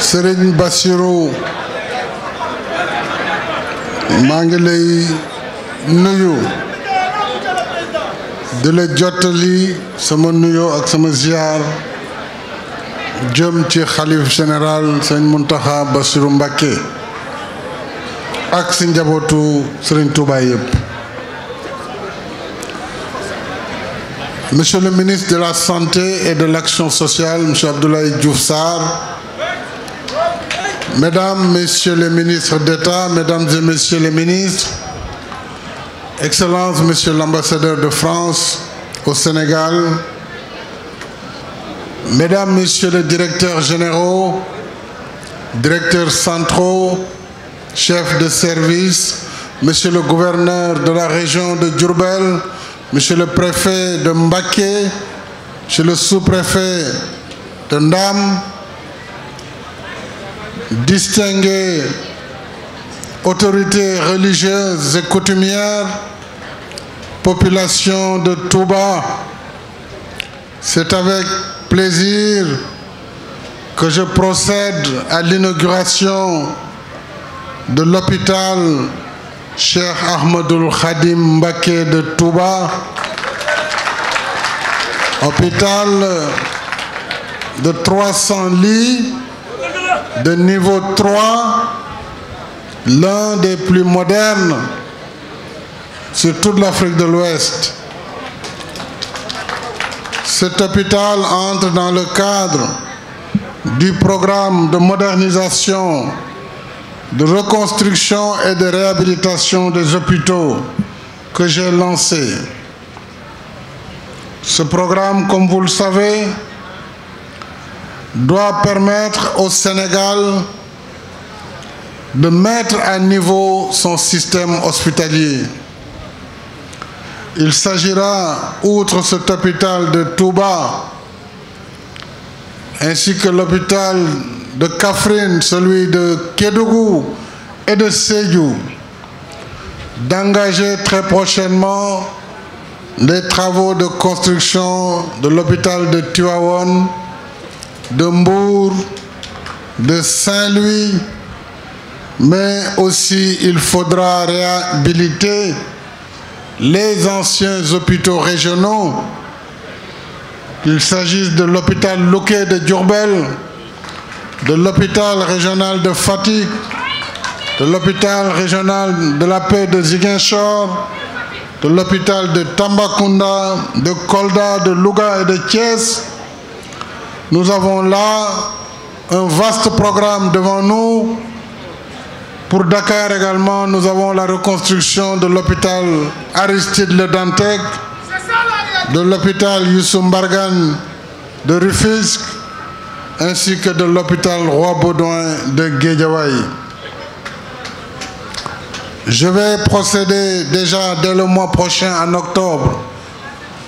Sëriñ Bassirou maa ngi lay nuyu di la jottali sama nuyoo ak sama ziar jëm ci xalif général sëñ Muntaxa Bassirou Mbacké ak si njabootu Sëriñ Touba yëpp. Monsieur le ministre de la Santé et de l'Action sociale, Monsieur Abdoulaye Diouf Sarr Mesdames, Messieurs les ministres d'État, Mesdames et Messieurs les ministres, Excellences, Monsieur l'ambassadeur de France au Sénégal, Mesdames, Messieurs les directeurs généraux, directeurs centraux, chefs de service, Monsieur le gouverneur de la région de Diourbel, Monsieur le préfet de Mbacké, Monsieur le sous-préfet de Ndam, distinguer autorités religieuses et coutumières, population de Touba, c'est avec plaisir que je procède à l'inauguration de l'hôpital Cheikh Ahmadoul Khadim Mbacké de Touba, hôpital de 300 lits de niveau 3, l'un des plus modernes sur toute l'Afrique de l'Ouest. Cet hôpital entre dans le cadre du programme de modernisation, de reconstruction et de réhabilitation des hôpitaux que j'ai lancé. Ce programme, comme vous le savez, doit permettre au Sénégal de mettre à niveau son système hospitalier. Il s'agira, outre cet hôpital de Touba, ainsi que l'hôpital de Kafrine, celui de Kédougou et de Sédou, d'engager très prochainement les travaux de construction de l'hôpital de Tuaon de Mbour, de Saint-Louis, mais aussi il faudra réhabiliter les anciens hôpitaux régionaux, qu'il s'agisse de l'hôpital Loquet de Diourbel, de l'hôpital régional de Fatigue, de l'hôpital régional de la paix de Ziguinchor, de l'hôpital de Tambacounda, de colda de Louga et de Thiès, Nous avons là un vaste programme devant nous. Pour Dakar également, nous avons la reconstruction de l'hôpital Aristide Le Dantec, de l'hôpital Youssou Mbargane de Rufisque, ainsi que de l'hôpital Roi-Baudouin de Guédiawaye. Je vais procéder déjà dès le mois prochain, en octobre,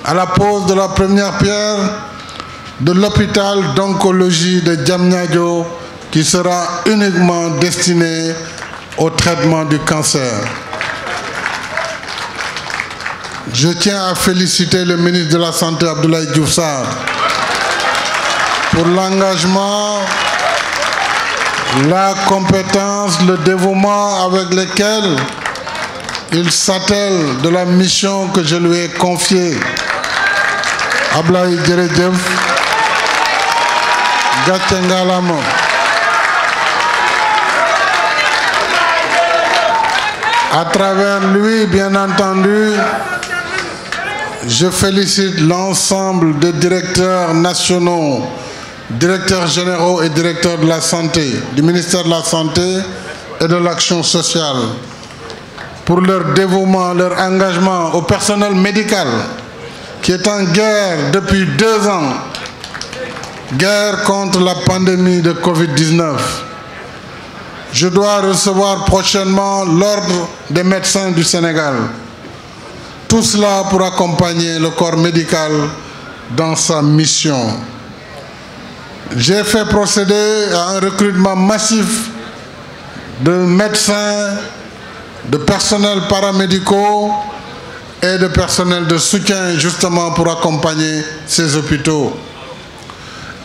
à la pose de la première pierre de l'hôpital d'oncologie de Diamniadio qui sera uniquement destiné au traitement du cancer. Je tiens à féliciter le ministre de la Santé, Abdoulaye Diouf Sarr, pour l'engagement, la compétence, le dévouement avec lesquels il s'attelle de la mission que je lui ai confiée. Abdoulaye jërëjëf gàcce ngalaama à travers lui bien entendu je félicite l'ensemble des directeurs nationaux directeurs généraux et directeurs de la santé du ministère de la santé et de l'action sociale pour leur dévouement leur engagement au personnel médical qui est en guerre depuis deux ans guerre contre la pandémie de Covid-19. Je dois recevoir prochainement l'Ordre des médecins du Sénégal. Tout cela pour accompagner le corps médical dans sa mission. J'ai fait procéder à un recrutement massif de médecins, de personnels paramédicaux et de personnel de soutien justement pour accompagner ces hôpitaux.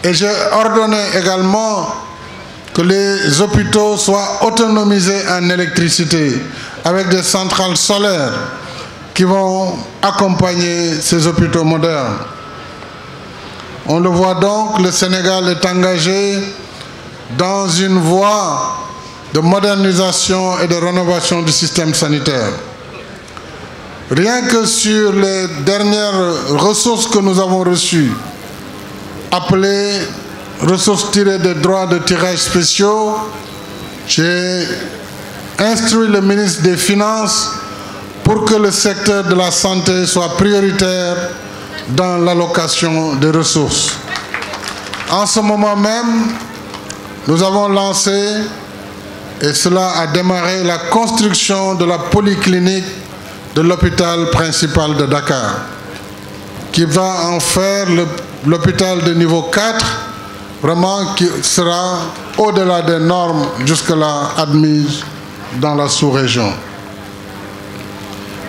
Et j'ai ordonné également que les hôpitaux soient autonomisés en électricité avec des centrales solaires qui vont accompagner ces hôpitaux modernes. On le voit donc, le Sénégal est engagé dans une voie de modernisation et de rénovation du système sanitaire. Rien que sur les dernières ressources que nous avons reçues, appelé ressources tirées des droits de tirage spéciaux, j'ai instruit le ministre des Finances pour que le secteur de la santé soit prioritaire dans l'allocation des ressources. En ce moment même, nous avons lancé, et cela a démarré, la construction de la polyclinique de l'hôpital principal de Dakar, qui va en faire l'hôpital de niveau 4, vraiment qui sera au-delà des normes jusque-là admises dans la sous-région.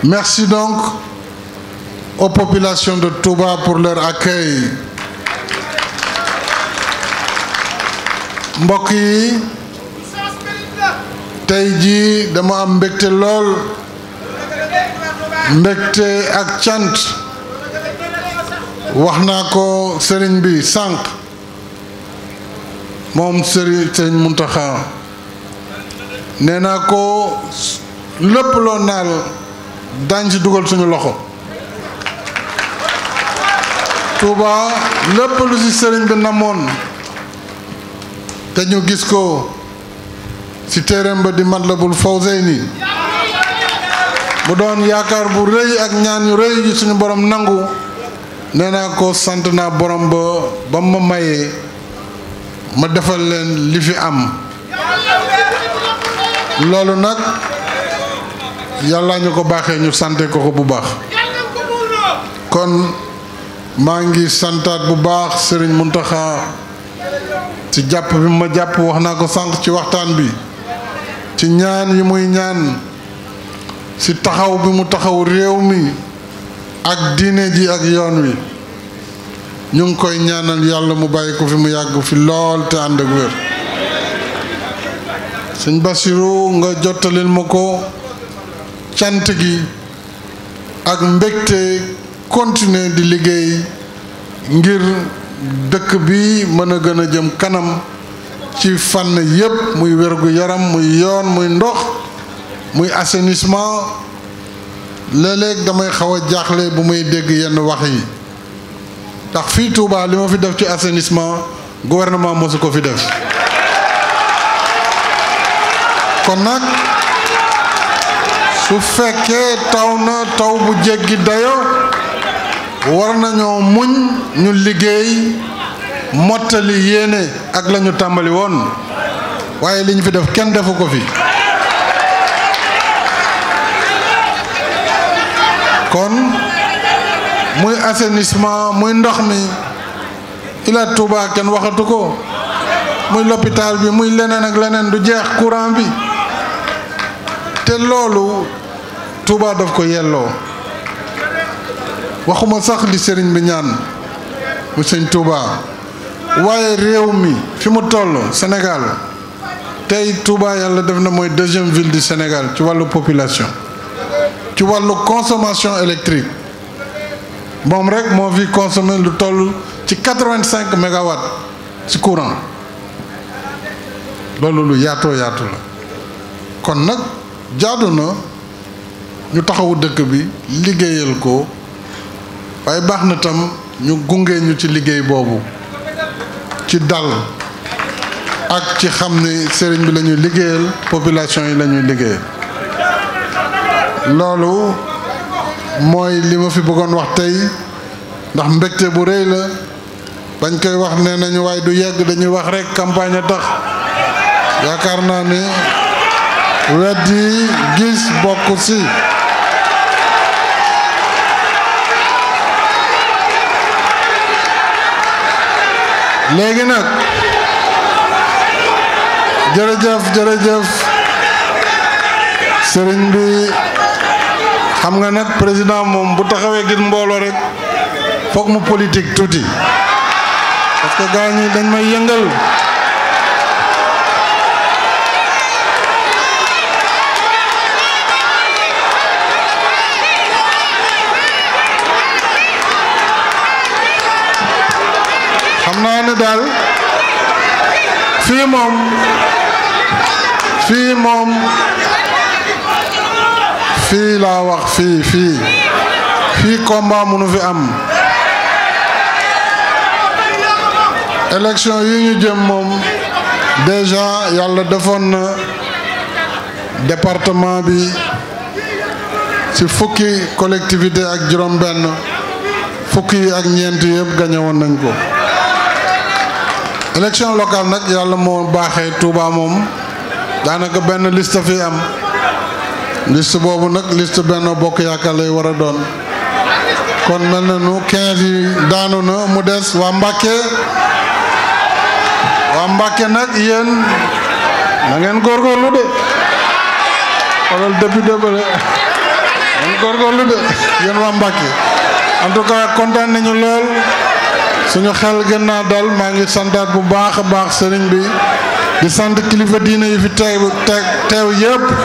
Merci donc aux populations de Touba pour leur accueil. mbokk yi tey jii dama am mbégte lool mbégte ak cant wax naa ko sëriñ bi sànq moom sëriñ sëriñ Muntaxa nee naa ko lépp loo naal daañ ci dugal suñu loxo Touba lépp lu ci sëriñ bi namoon dañu gis ko ci téereem ba di Matlabul Fawzayni mu doon yaakaar bu rëy ak ñaan yu rëy suñu borom nangu nee naa ko sant naa borom ba ba ma mayee ma defal leen li fi am loolu nag yàlla ñu ko baaxee ñu sante koko bu baax kon maa ngi santaat bu baax sëriñ Muntaxa ci jàpp bi ma jàpp wax naa ko sànq ci waxtaan bi ci ñaan yi muy ñaan ci taxaw bi mu taxaw réew mi ak diine ji ak yoon wi ñu ngi koy ñaanal yàlla mu bàyyi ko fi mu yàgg fi lool te ànd ak wér sëñ Basiru nga jottalil ma ko cant gi ak mbégte continuer di liggéey ngir dëkk bi mën a gën a jëm kanam ci fànn yépp muy wér gu yaram muy yoon muy ndox muy assainissement léeg damay xaw a jaaxle bu may dégg yenn wax yi ndax fii Touba li ma fi def ci assainissement gouvernement mosu ko fi def kon nag su fekkee taw na taw bu jéggi dayo war nañoo muñ ñu liggéey mottali yéene ak lañu tàmbali woon waaye li ñu fi def kenn defu ko fi kon muy assainissement muy ndox mi ila Touba kenn waxatu ko muy l'hôpital bi muy leneen ak leneen du jeex courant bi te loolu Touba daf ko yelloo waxuma sax di sëriñ bi ñaan mu sëñ Touba waaye réew mi fi mu toll Sénégal tey Touba yàlla def na mooy deuxième ville du Sénégal ci wàllu population ci wàllu consommation électrique moom rek moo fi consommé lu toll ci quatre-vingt-cinq ci courant loolu lu yaatoo yaatu la kon nag jaadu na ñu taxawu dëkk bi liggéeyal ko waaye baax na tam ñu gunge ñu ci liggéey boobu ci dal ak ci xam ne sëriñ bi lañuy liggéeyal population yi lañuy ñuy liggéeyal loolu mooy li ma fi bëggoon wax tey ndax mbégte bu rëy la bañ koy wax ne nañu waaye du yegg dañuy wax rek campagne a tax yaakaar naa ni wet yi gis bokk si léegi nag jërëjëf jërëjëf sëriñ bi xam nga nag président moom bu taxawee ngir mbooloo rek foog mu politique tuuti que gars ñi dañ may yëngal xam naa ne daal fii moom fii moom fii laa wax fii fii fii combat mënu fi am élection yi ñu jëm moom déjà yàlla defoon na département bi ci fukki collectivité ak juróom-benn fukki yi ak ñeent yëpp gañe nañ ko élection locale nag yàlla moo baaxee Touba moom daanaka benn liste fi am liste boobu nag liste Benno Bokk Yaakaar lay war a doon kon mel na nu 15 yi daanu na mu des waa Mbàkke waa Mbàkke nag yéen na ngeen de xoolal ngeen góorgóorlu de yéen waa Mbàkke en tout cas kontaan lool suñu xel gën naa dal maa ngi santaat bu baax a baax sëriñ bi di sant kilifa diine yi fi teew yépp